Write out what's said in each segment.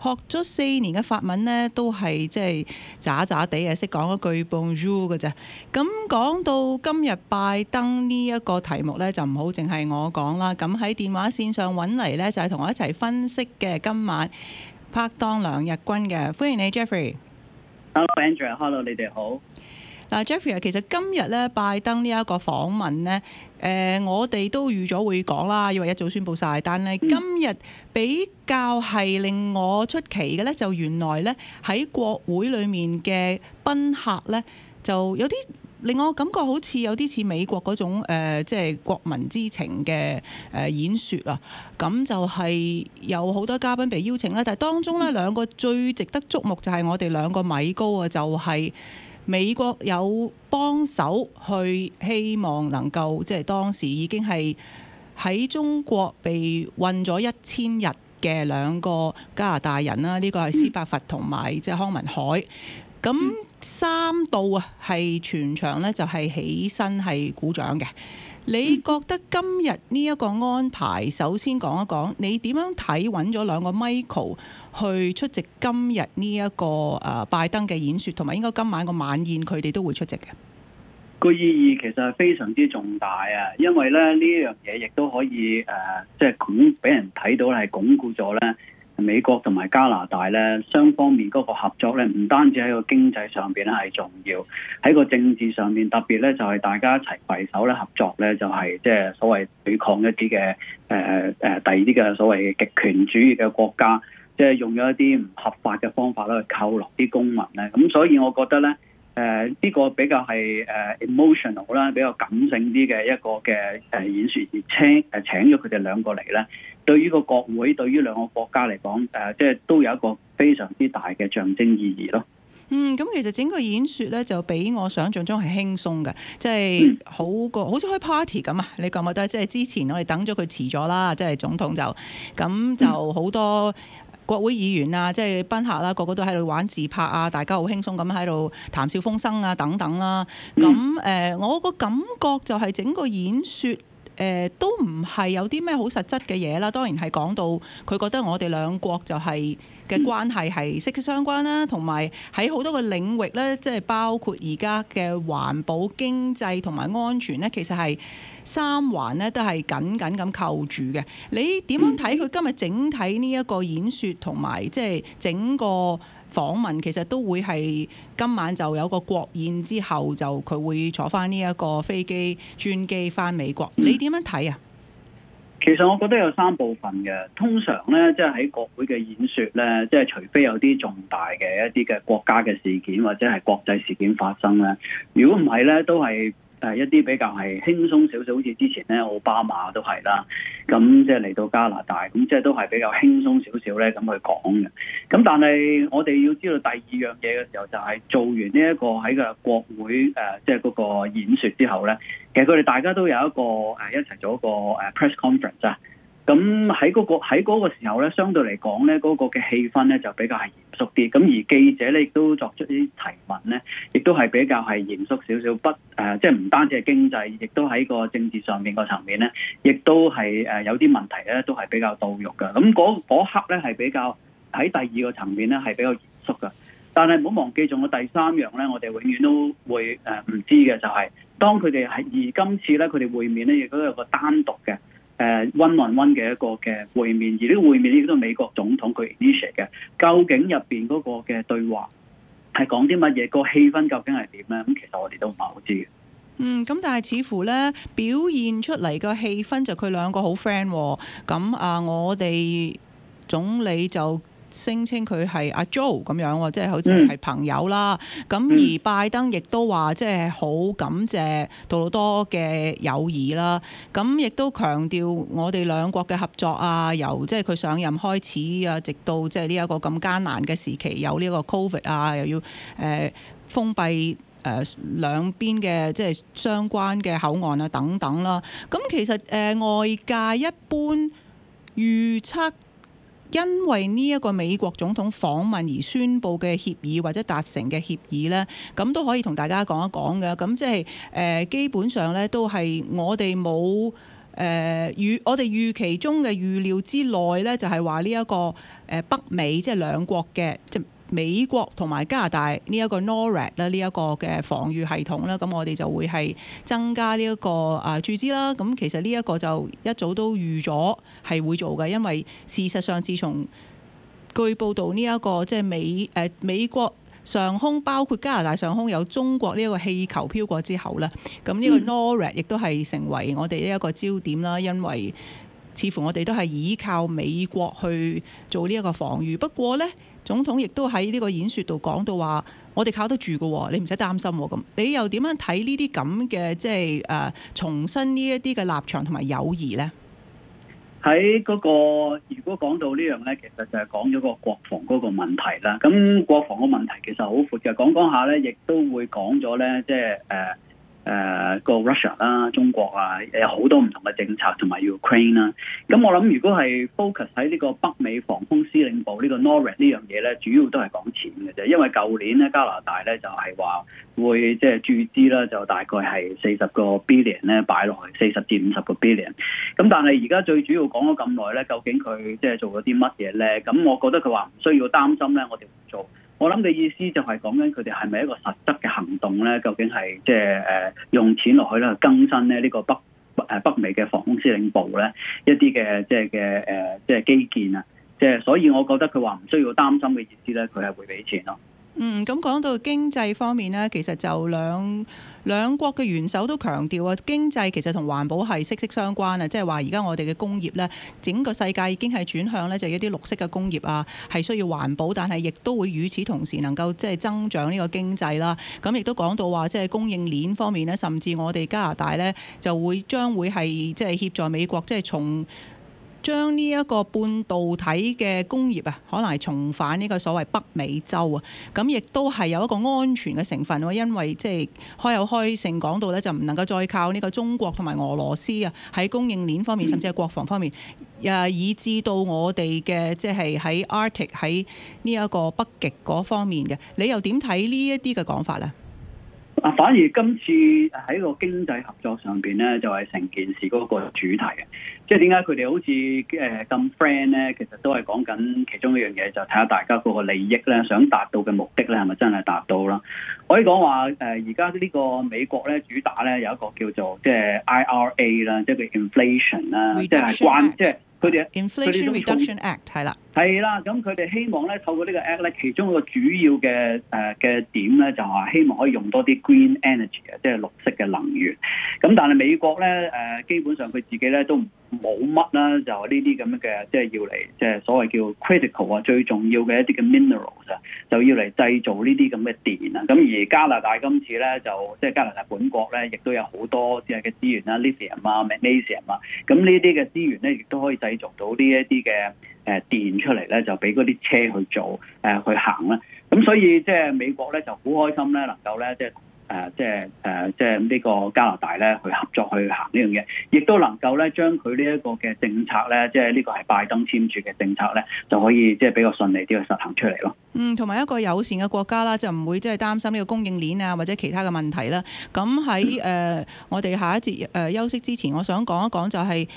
學咗四年嘅法文呢，都係即係渣渣地啊！識講一句 Bonjour 嘅啫。咁講到今日拜登呢一個題目呢，就唔好淨係我講啦。咁喺電話線上揾嚟呢，就係同我一齊分析嘅。今晚拍檔梁日軍嘅，歡迎你，Jeffrey。Hello，Andrew。Hello，你哋好。嗱，Jeffrey 其實今日咧，拜登呢一個訪問呢，誒、呃，我哋都預咗會講啦，以為一早宣佈晒。但係今日比較係令我出奇嘅呢，就原來呢，喺國會裏面嘅賓客呢，就有啲令我感覺好似有啲似美國嗰種、呃、即係國民之情嘅誒演説啊，咁就係有好多嘉賓被邀請啦，但係當中呢兩個最值得觸目就係我哋兩個米高啊，就係、是。美國有幫手去，希望能夠即係當時已經係喺中國被困咗一千日嘅兩個加拿大人啦。呢、這個係施柏佛同埋即係康文凱。咁三度啊，係全場呢，就係起身係鼓掌嘅。你覺得今日呢一個安排，首先講一講，你點樣睇？揾咗兩個 Michael 去出席今日呢一個誒拜登嘅演說，同埋應該今晚個晚宴，佢哋都會出席嘅。個意義其實係非常之重大啊，因為咧呢一樣嘢亦都可以誒、呃，即係咁俾人睇到係鞏固咗咧。美國同埋加拿大咧，雙方面嗰個合作咧，唔單止喺個經濟上邊咧係重要，喺個政治上面特別咧就係、是、大家一齊攜手咧合作咧，就係即係所謂對抗一啲嘅誒誒第二啲嘅所謂極權主義嘅國家，即、就、係、是、用咗一啲唔合法嘅方法咧去扣留啲公民咧。咁所以我覺得咧，誒、呃、呢、這個比較係誒 emotional 啦，比較感性啲嘅一個嘅誒演説熱青，誒請咗佢哋兩個嚟咧。對於個國會，對於兩個國家嚟講，誒、呃，即係都有一個非常之大嘅象徵意義咯。嗯，咁其實整個演説咧，就比我想象中係輕鬆嘅，即係好過好似開 party 咁啊！你覺唔覺得？即係之前我哋等咗佢遲咗啦，即係總統就咁就好多國會議員啊，即係賓客啦，個個都喺度玩自拍啊，大家好輕鬆咁喺度談笑風生啊，等等啦。咁誒、嗯呃，我個感覺就係整個演説。誒、呃、都唔係有啲咩好實質嘅嘢啦，當然係講到佢覺得我哋兩國就係嘅關係係息息相關啦，同埋喺好多個領域呢，即係包括而家嘅環保、經濟同埋安全呢，其實係三環呢都係緊緊咁扣住嘅。你點樣睇佢今日整體呢一個演說同埋即係整個？訪問其實都會係今晚就有個國宴，之後就佢會坐翻呢一個飛機轉機翻美國，你點樣睇呀？嗯，其實我覺得有三部分嘅，通常呢，即係喺國會嘅演說呢，即係除非有啲重大嘅一啲嘅國家嘅事件或者係國際事件發生呢，如果唔係呢，都係。係、啊、一啲比較係輕鬆少少，好似之前咧奧巴馬都係啦，咁即係嚟到加拿大，咁即係都係比較輕鬆少少咧，咁去講嘅。咁但係我哋要知道第二樣嘢嘅時候，就係做完呢一個喺個國會誒，即係嗰個演說之後咧，其實佢哋大家都有一個誒、啊、一齊做一個誒 press conference 啊。咁喺嗰個喺嗰個時候咧，相對嚟講咧，嗰個嘅氣氛咧就比較係嚴肅啲。咁而記者咧亦都作出啲提問咧，亦都係比較係嚴肅少少。不誒，即係唔單止係經濟，亦都喺個政治上面個層面咧，亦都係誒有啲問題咧，都係比較到肉噶。咁嗰嗰刻咧係比較喺第二個層面咧係比較嚴肅噶。但係唔好忘記，仲有第三樣咧，我哋永遠都會誒唔知嘅，就係當佢哋係而今次咧，佢哋會面咧亦都有個單獨嘅。誒、uh, one on one 嘅一個嘅會面，而呢個會面亦都係美國總統佢 initiate 嘅。究竟入邊嗰個嘅對話係講啲乜嘢？個氣氛究竟係點咧？咁其實我哋都唔係好知嘅。嗯，咁但係似乎咧表現出嚟個氣氛就佢兩個好 friend 喎、哦。咁啊，我哋總理就。聲稱佢係阿 Joe 咁樣，即係好似係朋友啦。咁、嗯、而拜登亦都話，即係好感謝杜魯多嘅友誼啦。咁亦都強調我哋兩國嘅合作啊，由即係佢上任開始啊，直到即係呢一個咁艱難嘅時期，有呢個 Covid 啊，又要誒封閉誒兩邊嘅即係相關嘅口岸啊等等啦。咁其實誒外界一般預測。因為呢一個美國總統訪問而宣布嘅協議或者達成嘅協議呢，咁都可以同大家講一講嘅。咁即係誒，基本上呢，都係我哋冇誒預，我哋預期中嘅預料之內呢，就係話呢一個誒北美即係兩國嘅即。美國同埋加拿大呢一個 NORAD 咧，呢一個嘅防禦系統啦，咁我哋就會係增加呢一個誒注資啦。咁其實呢一個就一早都預咗係會做嘅，因為事實上自從據報道呢一個即係、就是、美誒、呃、美國上空，包括加拿大上空有中國呢一個氣球飄過之後呢，咁呢個 NORAD 亦都係成為我哋呢一個焦點啦。嗯、因為似乎我哋都係依靠美國去做呢一個防禦，不過呢。總統亦都喺呢個演說度講到話，我哋靠得住嘅，你唔使擔心咁。你又點樣睇呢啲咁嘅即係誒重申呢一啲嘅立場同埋友誼呢？喺嗰個如果講到呢樣呢，其實就係講咗個國防嗰個問題啦。咁國防嘅問題其實好闊嘅，講講下呢，亦都會講咗呢，即係誒。呃.誒個、呃、Russia 啦、中國、呃、Ukraine，啊，有好多唔同嘅政策同埋 Ukraine 啦。咁我諗如果係 focus 喺呢個北美防空司令部呢、這個 NORAD 呢樣嘢咧，主要都係講錢嘅啫。因為舊年咧加拿大咧就係、是、話會即係注資啦，就大概係四十個 billion 咧擺落去，四十至五十個 billion。咁但係而家最主要講咗咁耐咧，究竟佢即係做咗啲乜嘢咧？咁我覺得佢話唔需要擔心咧，我哋唔做。我諗嘅意思就係講緊佢哋係咪一個實質嘅行動咧？究竟係即係誒用錢落去咧更新咧呢、這個北誒北美嘅防空司令部咧一啲嘅即係嘅誒即係基建啊，即係所以我覺得佢話唔需要擔心嘅意思咧，佢係會俾錢咯。嗯，咁講到經濟方面呢，其實就兩兩國嘅元首都強調啊，經濟其實同環保係息息相關啊，即係話而家我哋嘅工業呢，整個世界已經係轉向呢，就一啲綠色嘅工業啊，係需要環保，但係亦都會與此同時能夠即係增長呢個經濟啦。咁亦都講到話，即係供應鏈方面呢，甚至我哋加拿大呢，就會將會係即係協助美國，即係從，將呢一個半導體嘅工業啊，可能係重返呢個所謂北美洲啊，咁亦都係有一個安全嘅成分咯。因為即、就、係、是、開有開性講到咧，就唔能夠再靠呢個中國同埋俄羅斯啊，喺供應鏈方面，甚至係國防方面，誒，以致到我哋嘅即係、就、喺、是、Arctic 喺呢一個北極嗰方面嘅，你又點睇呢一啲嘅講法咧？啊！反而今次喺個經濟合作上邊咧，就係成件事嗰個主題嘅。即係點解佢哋好似誒咁 friend 咧？其實都係講緊其中一樣嘢，就睇下大家嗰個利益咧，想達到嘅目的咧，係咪真係達到啦？可以講話誒，而家呢個美國咧主打咧有一個叫做即係 IRA 啦，即係個 inflation 啦，即係關即係。佢哋、uh，inflation reduction act 係啦，係啦，咁佢哋希望咧透過呢個 act 咧，其中一個主要嘅誒嘅點咧，就係、是、話希望可以用多啲 green energy，即係綠色嘅能源。咁但係美國咧誒、呃、基本上佢自己咧都唔。冇乜啦，就呢啲咁嘅，即係要嚟即係所謂叫 critical 啊，最重要嘅一啲嘅 minerals 啊，就要嚟製造呢啲咁嘅電啊。咁而加拿大今次咧，就即係加拿大本國咧，亦都有好多即係嘅資源啦，lithium 啊，magnesium 啊，咁呢啲嘅資源咧，亦都可以製造到呢一啲嘅誒電出嚟咧，就俾嗰啲車去做誒去行啦。咁所以即係美國咧就好開心咧，能夠咧即係。誒，即係誒，即係呢個加拿大咧，去合作去行呢樣嘢，亦都能夠咧將佢呢一個嘅政策咧，即係呢個係拜登簽署嘅政策咧，就可以即係比較順利啲去實行出嚟咯。嗯，同埋一個友善嘅國家啦，就唔會即係擔心呢個供應鏈啊或者其他嘅問題啦。咁喺誒我哋下一節誒休息之前，我想講一講就係。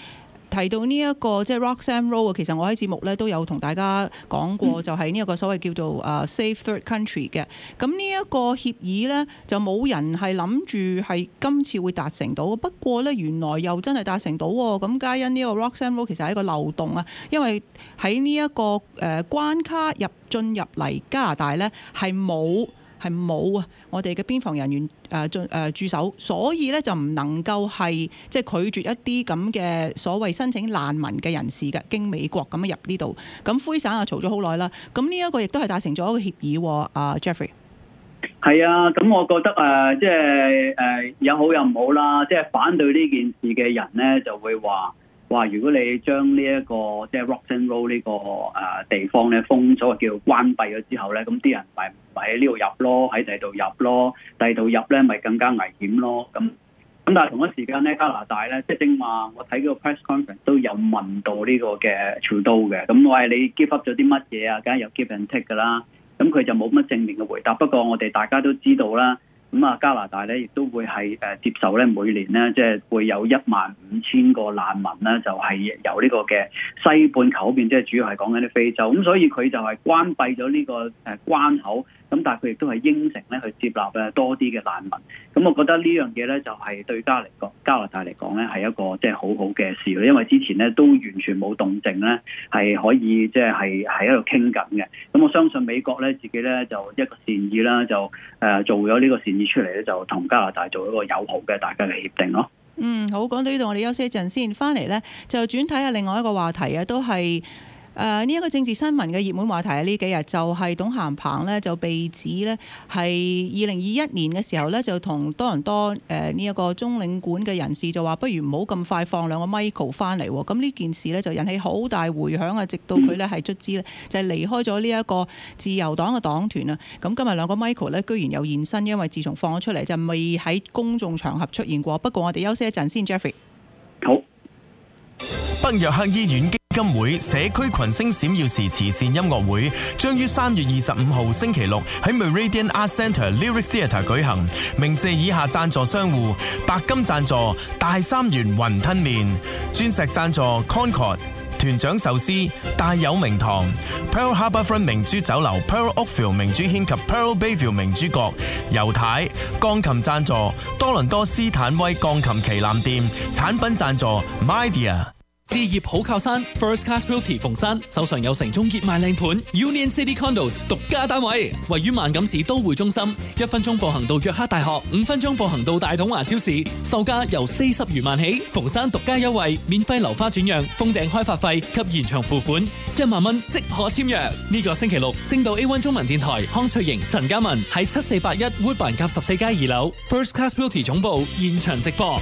提到呢、這、一個即係 Roxham Road 啊，其實我喺節目咧都有同大家講過，嗯、就係呢一個所謂叫做誒 Safe Third Country 嘅。咁呢一個協議呢，就冇人係諗住係今次會達成到。不過呢，原來又真係達成到喎。咁皆因呢個 Roxham Road 其實係一個漏洞啊，因為喺呢一個誒關卡入進入嚟加拿大呢，係冇。係冇啊！我哋嘅邊防人員誒、呃、進誒、呃、駐守，所以咧就唔能夠係即係拒絕一啲咁嘅所謂申請難民嘅人士嘅經美國咁樣入呢度。咁灰省啊嘈咗好耐啦。咁呢一個亦都係達成咗一個協議。阿 Jeffrey 係啊，咁、啊、我覺得誒即係誒有好有唔好啦。即、就、係、是、反對呢件事嘅人咧，就會話。哇！如果你將呢一個即係 Roxham Road 呢、這個誒、呃、地方咧封咗，叫關閉咗之後咧，咁啲人咪咪喺呢度入咯，喺第二度入咯，第二度入咧咪更加危險咯。咁咁但係同一時間咧，加拿大咧即係正話，我睇個 press conference 都有問到呢個嘅 Trudeau 嘅。咁我係你 give up 咗啲乜嘢啊？梗係有 give and take 㗎啦。咁佢就冇乜正面嘅回答。不過我哋大家都知道啦。咁啊、嗯，加拿大咧亦都會係誒、呃、接受咧，每年咧即係會有一萬五千個難民咧，就係、是、由呢個嘅西半球邊，即係主要係講緊啲非洲，咁、嗯、所以佢就係關閉咗呢個誒、呃、關口。咁但係佢亦都係應承咧去接納咧多啲嘅難民，咁我覺得呢樣嘢咧就係對加嚟講加拿大嚟講咧係一個即係好好嘅事，因為之前咧都完全冇動靜咧，係可以即係係喺度傾緊嘅。咁我相信美國咧自己咧就一個善意啦，就誒做咗呢個善意出嚟咧，就同加拿大做一個友好嘅大家嘅協定咯。嗯，好，講到呢度，我哋休息一陣先，翻嚟咧就轉睇下另外一個話題啊，都係。誒呢一個政治新聞嘅熱門話題啊，幾呢幾日就係董咸鵬董唅鵬咧就被指呢係二零二一年嘅時候呢就同多倫多誒呢一個中領館嘅人士就話，不如唔好咁快放兩個 Michael 翻嚟喎。咁、嗯、呢件事呢，呢，就引起好大迴響啊。直到佢呢係卒之，呢就離開咗呢一個自由黨嘅黨團啊。咁、嗯、今日兩個 Michael 呢，居然又現身，因為自從放咗出嚟就未喺公眾場合出現過。不過我哋休息一陣先，Jeffrey。好。北約克醫院基金會社區群星閃耀時慈善音樂會將於三月二十五號星期六喺 Meridian Arts Centre Lyric Theatre 舉行。鳴謝以下贊助商戶：白金贊助大三元雲吞麵，鑽石贊助 Concord 團長壽司、大有名堂 Pearl Harbourfront 明珠酒樓、Pearl Oakfield 明珠軒及 Pearl Bayview 明珠閣。猶太鋼琴贊助多倫多斯坦威鋼琴旗艦店。產品贊助 Mydia。置業好靠山，First Class Realty 馮山手上有城中熱賣靚盤 Union City Condos 獨家單位，位於萬錦市都會中心，一分鐘步行到約克大學，五分鐘步行到大統華超市，售價由四十餘萬起，馮山獨家優惠，免費樓花轉讓，封頂開發費及現場付款，一萬蚊即可簽約。呢、這個星期六，星島 A One 中文電台，康翠瑩、陳嘉文喺七四八一 Woodbine 及十四街二樓 First Class Realty 總部現場直播。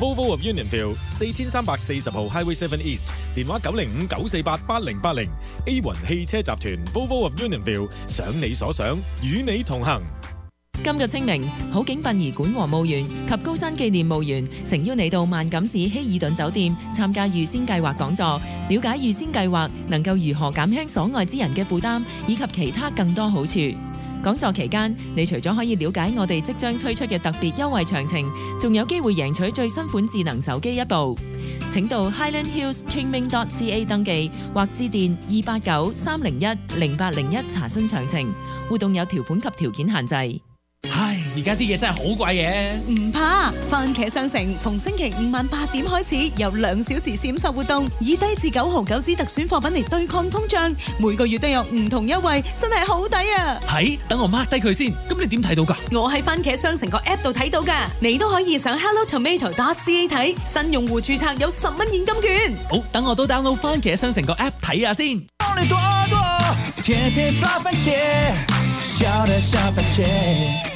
Volvo of Unionville，四千三百四十號 Highway Seven East，電話九零五九四八八零八零。80 80, Avon 汽車集團 Volvo of Unionville，想你所想，與你同行。今日清明，好景殯儀館和墓園及高山紀念墓園，誠邀你到萬錦市希爾頓酒店參加預先計劃講座，了解預先計劃能夠如何減輕所愛之人嘅負擔以及其他更多好處。講座期間，你除咗可以了解我哋即將推出嘅特別優惠詳情，仲有機會贏取最新款智能手機一部。請到 Highland Hills Trading dot C A 登記或致電二八九三零一零八零一查詢詳情。活動有條款及條件限制。唉，而家啲嘢真係好貴嘢，唔怕。番茄商城逢星期五晚八點開始，有兩小時閃售活動，以低至九毫九支特選貨品嚟對抗通脹。每個月都有唔同優惠，真係好抵啊！係，等我 mark 低佢先。咁你點睇到噶？我喺番茄商城個 app 度睇到噶。你都可以上 hello tomato dot ca 睇。新用戶注冊有十蚊現金券。好，等我都 download 番茄商城個 app 睇下先。下。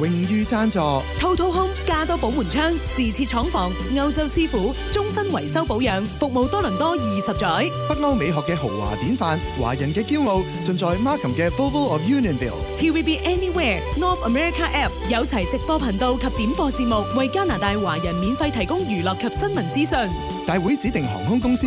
榮譽讚助，套套空加多寶門窗，自設廠房，歐洲師傅，終身維修保養服務多倫多二十載，北歐美學嘅豪華典範，華人嘅驕傲，盡在 Markham 嘅 Volvo of Unionville。TVB Anywhere North America App 有齊直播頻道及點播節目，為加拿大華人免費提供娛樂及新聞資訊。大會指定航空公司。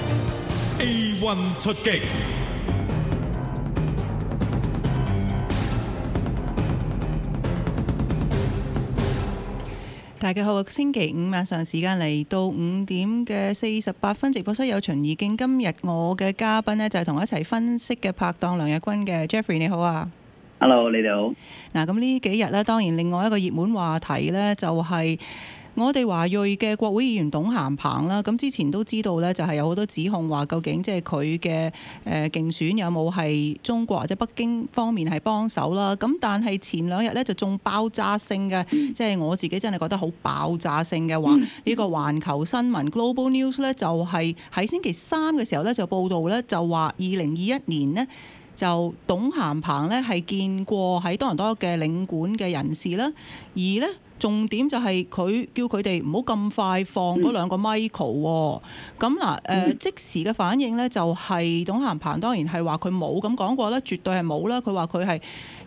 氣運出擊，大家好，星期五晚上時間嚟到五點嘅四十八分直播室有場，已經今日我嘅嘉賓呢，就係同我一齊分析嘅拍檔梁日軍嘅 Jeffrey，你好啊！Hello，你哋好。嗱咁呢幾日呢，當然另外一個熱門話題呢，就係、是。我哋華裔嘅國會議員董唅鵬啦，咁之前都知道呢，就係有好多指控話，究竟即係佢嘅誒競選有冇係中國或者北京方面係幫手啦？咁但係前兩日呢，就仲爆炸性嘅，即係、嗯、我自己真係覺得好爆炸性嘅話，呢個環球新聞 Global News 呢，就係喺星期三嘅時候呢，就報導呢，就話二零二一年呢，就董唅鵬呢，係見過喺多倫多嘅領館嘅人士啦，而呢。重點就係佢叫佢哋唔好咁快放嗰兩個 Michael 咁、哦、嗱誒、呃、即時嘅反應呢，就係董唅鵬當然係話佢冇咁講過咧，絕對係冇啦。佢話佢係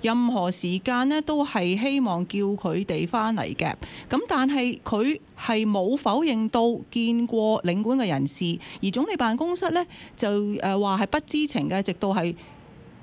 任何時間呢，都係希望叫佢哋返嚟嘅，咁但係佢係冇否認到見過領館嘅人士，而總理辦公室呢，就誒話係不知情嘅，直到係。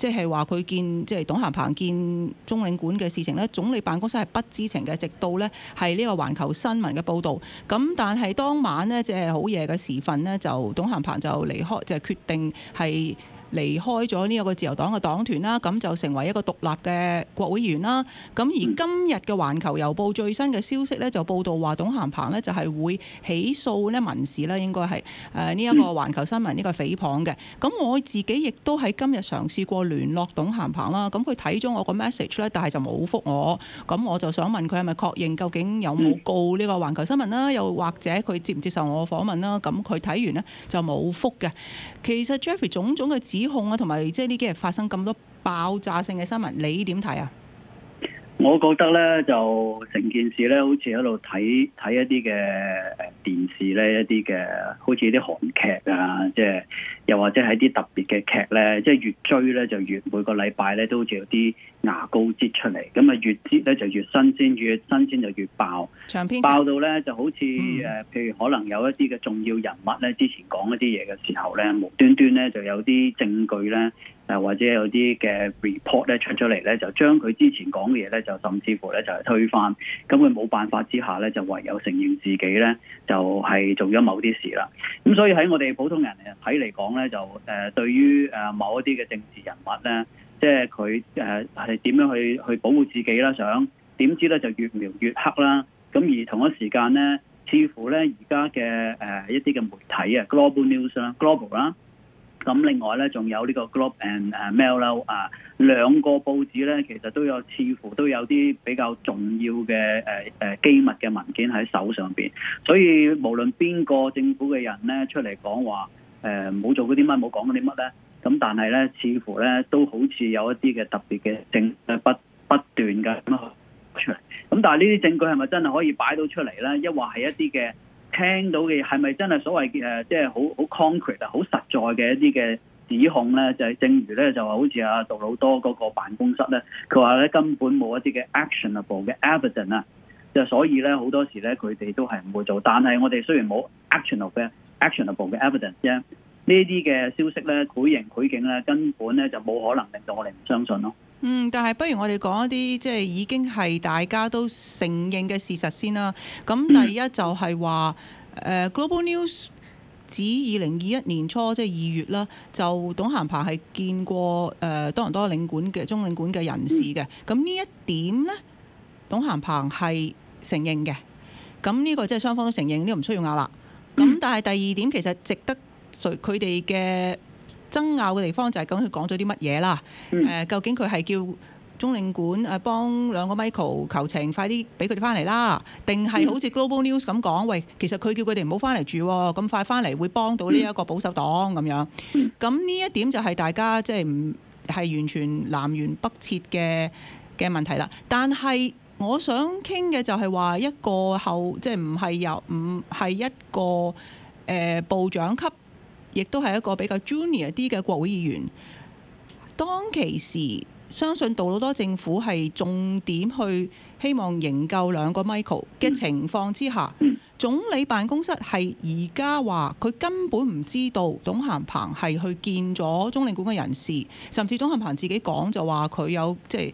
即係話佢見即係董唅鵬見中領館嘅事情咧，總理辦公室係不知情嘅，直到呢係呢個環球新聞嘅報導。咁但係當晚呢，即係好夜嘅時分呢，就董唅鵬就離開，就是、決定係。離開咗呢一個自由黨嘅黨團啦，咁就成為一個獨立嘅國會議員啦。咁而今日嘅《環球郵報》最新嘅消息呢，就報道話董唅鵬呢，就係會起訴呢民事啦，應該係誒呢一個《環球新聞》呢個誹謗嘅。咁我自己亦都喺今日嘗試過聯絡董唅鵬啦，咁佢睇咗我個 message 咧，但係就冇覆我。咁我就想問佢係咪確認究竟有冇告呢個《環球新聞》啦？又或者佢接唔接受我訪問啦？咁佢睇完呢，就冇覆嘅。其實 Jeffrey 種種嘅指指控啊，同埋即係呢幾日發生咁多爆炸性嘅新聞，你點睇啊？我覺得咧，就成件事咧，好似喺度睇睇一啲嘅電視咧，一啲嘅好似啲韓劇啊，即係又或者係啲特別嘅劇咧，即係越追咧就越每個禮拜咧都好似有啲牙膏擠出嚟，咁啊越擠咧就越新鮮，越新鮮就越爆。爆到咧就好似誒、呃，譬如可能有一啲嘅重要人物咧，之前講一啲嘢嘅時候咧，無端端咧就有啲證據咧。誒或者有啲嘅 report 咧出咗嚟咧，就將佢之前講嘅嘢咧，就甚至乎咧就係推翻，咁佢冇辦法之下咧，就唯有承認自己咧就係、是、做咗某啲事啦。咁所以喺我哋普通人嚟睇嚟講咧，就誒、呃、對於誒某一啲嘅政治人物咧，即係佢誒係點樣去去保護自己啦，想點知咧就越描越黑啦。咁而同一時間咧，似乎咧而家嘅誒一啲嘅媒體啊，Global News 啦，Global 啦。咁另外咧，仲有呢個《Globe and Mail》啦，啊兩個報紙咧，其實都有似乎都有啲比較重要嘅誒誒機密嘅文件喺手上邊。所以無論邊個政府嘅人咧出嚟講話誒冇做嗰啲乜，冇講嗰啲乜咧，咁但係咧，似乎咧都好似有一啲嘅特別嘅證誒不不斷嘅出嚟。咁但係呢啲證據係咪真係可以擺到出嚟咧？抑或係一啲嘅。聽到嘅係咪真係所謂嘅、呃、即係、就是、好好 concrete 啊，好實在嘅一啲嘅指控咧？就係正如咧，就話好似阿杜魯多嗰個辦公室咧，佢話咧根本冇一啲嘅 actionable 嘅 evidence 啊，就所以咧好多時咧佢哋都係唔會做。但係我哋雖然冇 actionable 嘅 actionable 嘅 evidence，啫。呢啲嘅消息呢，毀人毀景呢，根本呢就冇可能令到我哋唔相信咯。嗯，但係不如我哋講一啲即係已經係大家都承認嘅事實先啦。咁第一就係話、嗯 uh，Global News 指二零二一年初即係二月啦，就董唅鵬係見過誒、呃、多倫多領館嘅中領館嘅人士嘅。咁呢、嗯、一點呢，董唅鵬係承認嘅。咁呢個即係雙方都承認，呢個唔需要拗啦。咁但係第二點，其實值得。佢哋嘅爭拗嘅地方就係講佢講咗啲乜嘢啦？究竟佢係叫中領館誒幫兩個 Michael 求情，快啲俾佢哋返嚟啦？定係好似 Global News 咁講，喂，其實佢叫佢哋唔好返嚟住，咁快返嚟會幫到呢一個保守黨咁樣？咁呢一點就係大家即係唔係完全南轅北轍嘅嘅問題啦。但係我想傾嘅就係話一個後即係唔係由唔係一個、呃、部長級。亦都係一個比較 junior 啲嘅國會議員。當其時，相信杜魯多政府係重點去希望營救兩個 Michael 嘅情況之下，嗯、總理辦公室係而家話佢根本唔知道董唅鵬係去見咗中領館嘅人士，甚至董唅鵬自己講就話佢有即係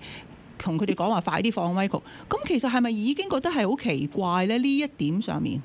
同佢哋講話快啲放 Michael。咁其實係咪已經覺得係好奇怪呢？呢一點上面。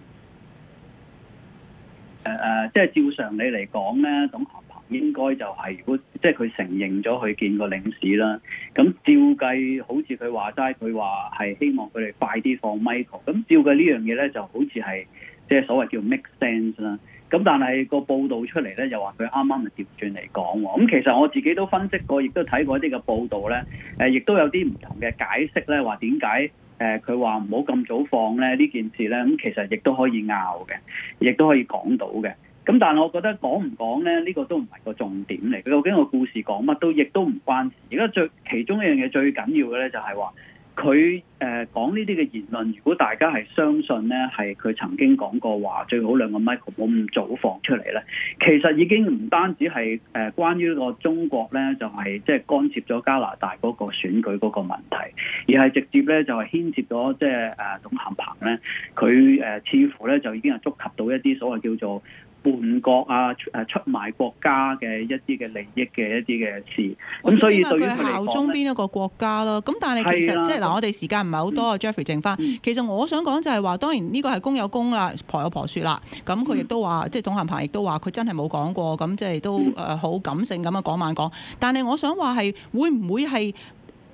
誒誒、呃，即係照常理嚟講咧，董行彭董唅鵬應該就係、是、如果即係佢承認咗佢見過領事啦，咁照計好似佢話齋，佢話係希望佢哋快啲放 Michael。咁照計呢樣嘢咧，就好似係即係所謂叫 make sense 啦。咁但係個報道出嚟咧，又話佢啱啱咪調轉嚟講喎。咁其實我自己都分析過，亦都睇過一啲嘅報道咧，誒、呃，亦都有啲唔同嘅解釋咧，話點解？誒，佢話唔好咁早放咧呢件事咧，咁其實亦都可以拗嘅，亦都可以講到嘅。咁但係我覺得講唔講咧，呢個都唔係個重點嚟。佢究竟個故事講乜都，亦都唔關事。而家最其中一樣嘢最緊要嘅咧，就係話。佢誒、呃、講呢啲嘅言論，如果大家係相信咧，係佢曾經講過話，最好兩個 Michael 冇咁早放出嚟咧。其實已經唔單止係誒、呃、關於個中國咧，就係即係干涉咗加拿大嗰個選舉嗰個問題，而係直接咧就係、是、牽涉咗即係誒董唅鵬咧，佢誒、呃、似乎咧就已經係觸及到一啲所謂叫做。叛國啊！誒出賣國家嘅一啲嘅利益嘅一啲嘅事，咁所以對佢效忠咧，邊一個國家咯？咁但係其實的即係嗱、嗯，我哋時間唔係好多啊，Jeffrey 剩翻。嗯、其實我想講就係話，當然呢個係公有公啦，婆有婆説啦。咁佢亦都話，嗯、即係董唅鵬亦都話，佢真係冇講過。咁即係都誒好感性咁啊講晚講。但係我想話係會唔會係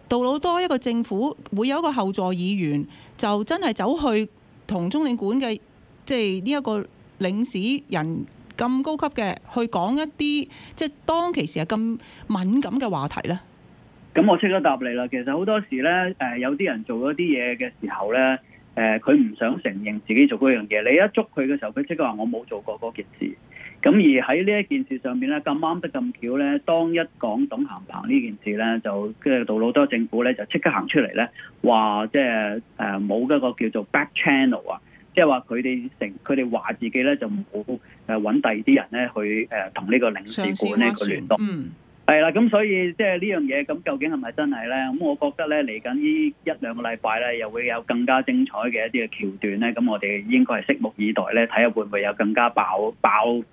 杜魯多一個政府會有一個後座議員，就真係走去同中領館嘅即係呢一個？領事人咁高級嘅，去講一啲即係當其時係咁敏感嘅話題咧。咁我即刻答你啦。其實好多時咧，誒、呃、有啲人做咗啲嘢嘅時候咧，誒佢唔想承認自己做嗰樣嘢。你一捉佢嘅時候，佢即刻話我冇做過嗰件事。咁、呃、而喺呢一件事上面咧，咁啱得咁巧咧，當一講董行鵬呢件事咧，就即係杜魯多政府咧就刻即刻行出嚟咧，話即係誒冇一個叫做 back channel 啊。即係話佢哋成，佢哋話自己咧就唔好誒，揾第二啲人咧去誒，同呢個領事館咧去聯絡。係啦，咁所以即係呢樣嘢，咁究竟係咪真係咧？咁我覺得咧，嚟緊呢一兩個禮拜咧，又會有更加精彩嘅一啲嘅橋段咧，咁我哋應該係拭目以待咧，睇下會唔會有更加爆爆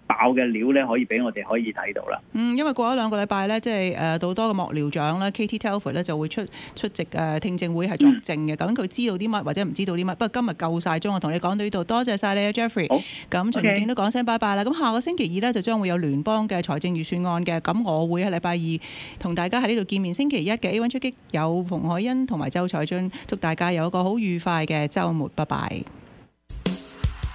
爆嘅料咧，可以俾我哋可以睇到啦。嗯，因為過咗兩個禮拜咧，即係誒到多個幕僚長啦，Katie Telford 咧就會出出席誒聽證會係作證嘅，究竟佢知道啲乜或者唔知道啲乜。不過今日夠晒鐘，我同你講到呢度，多謝晒你啊，Jeffrey。好。咁陳建都講聲拜拜啦。咁下個星期二咧就將會有聯邦嘅財政預算案嘅，咁我會喺嚟。拜二同大家喺呢度見面，星期一嘅 A One 出擊有馮海欣同埋周彩俊。祝大家有一個好愉快嘅周末，拜拜。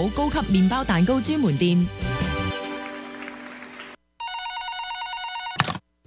好高級麵包蛋糕專門店。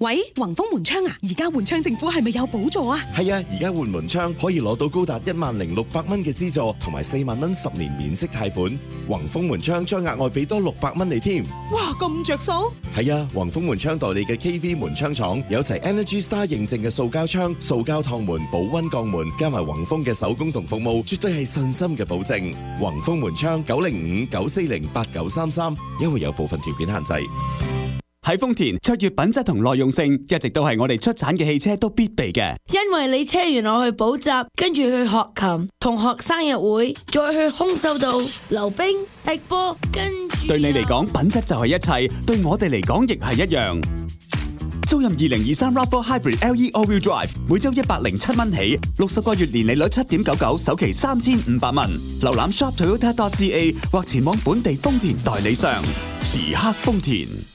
喂，宏豐門窗啊！而家換窗，政府係咪有補助啊？係啊，而家換門窗可以攞到高達一萬零六百蚊嘅資助，同埋四萬蚊十年免息貸款。宏豐門窗將額外俾多六百蚊你添。哇，咁着數！係啊，宏豐門窗代理嘅 KV 門窗廠有齊 Energy Star 認證嘅塑膠窗、塑膠趟門、保溫鋼門，加埋宏豐嘅手工同服務，絕對係信心嘅保證。宏豐門窗九零五九四零八九三三，因為有部分條件限制。喺豐田卓越品質同耐用性，一直都係我哋出產嘅汽車都必備嘅。因為你車完我去補習，跟住去學琴，同學生日會，再去空手道、溜冰、踢波，跟住對你嚟講品質就係一切，對我哋嚟講亦係一樣。 租任二零二三 RAV4 Hybrid LE All Wheel Drive，每周一百零七蚊起，六十個月年利率七點九九，首期三千五百蚊。瀏覽 shop Toyota dot C A 或前往本地豐田代理商。時刻豐田。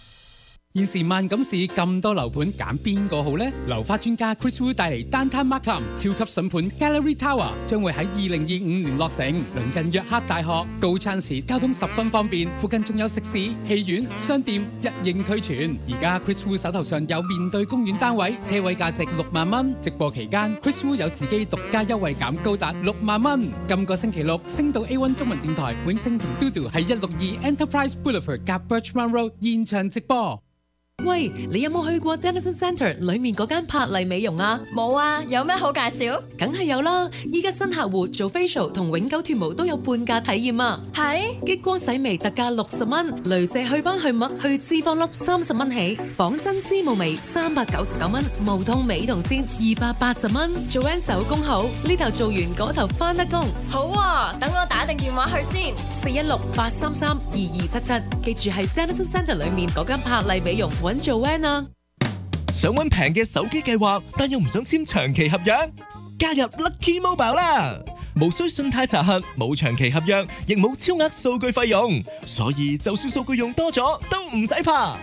現時萬錦市咁多樓盤揀邊個好呢？樓花專家 Chris Wu 帶嚟 Downtown Markham 超級笋盤 Gallery Tower 將會喺二零二五年落成，鄰近約克大學，早餐時交通十分方便，附近仲有食肆、戲院、商店一應俱全。而家 Chris Wu 手頭上有面對公園單位，車位價值六萬蚊。直播期間，Chris Wu 有自己獨家優惠減高達六萬蚊。今個星期六，星島 A one 中文電台永星同 Do Do 喺一六二 Enterprise Boulevard 及 Birchmount Road 現場直播。喂，你有冇去過 Denison Center 裏面嗰間柏麗美容啊？冇啊，有咩好介紹？梗係有啦，依家新客戶做 facial 同永久脫毛都有半價體驗啊！係激光洗眉特價六十蚊，鐳射去斑去墨去脂肪粒三十蚊起，仿真絲霧眉三百九十九蚊，無痛美瞳線二百八十蚊，做完手工好，呢頭做完嗰頭返得工。好，等我打定電話去先，四一六八三三二二七七，記住係 Denison Center 裏面嗰間柏麗美容。揾做 when 啊！想揾平嘅手機計劃，但又唔想簽長期合約，加入 Lucky Mobile 啦！無需信貸查核，冇長期合約，亦冇超額數據費用，所以就算數據用多咗都唔使怕。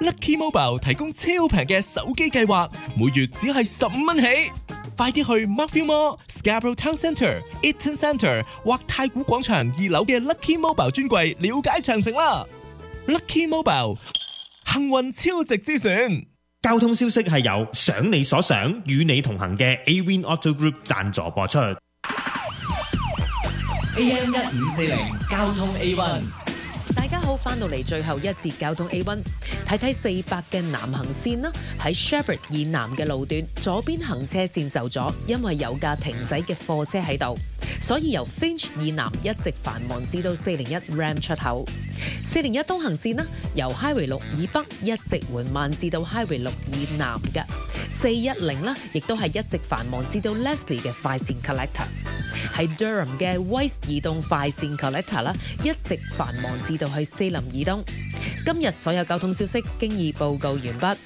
Lucky Mobile 提供超平嘅手機計劃，每月只係十五蚊起。快啲去 Markfield Mall Scarborough Town Centre Eaton Centre 或太古廣場二樓嘅 Lucky Mobile 專櫃了解詳情啦！Lucky Mobile。幸運超值之選，交通消息係由想你所想，與你同行嘅 A Win Auto Group 贊助播出。AM 一五四零交通 A One，大家好，翻到嚟最後一節交通 A One，睇睇四百嘅南行線啦，喺 Shepherd 以南嘅路段，左邊行車線受阻，因為有架停駛嘅貨車喺度。所以由 Finch 以南一直繁忙至到401 Ram 出口。401東行線呢，由 Highway 6以北一直緩慢至到 Highway 6以南嘅410呢，亦都係一直繁忙至到 Leslie 嘅快線 Collector，喺 Durham 嘅 West 移動快線 Collector 啦，一直繁忙至到去西林以東。今日所有交通消息，經已報告完畢。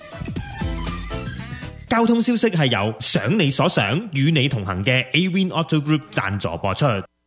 交通消息係由想你所想，與你同行嘅 Awin Auto Group 贊助播出。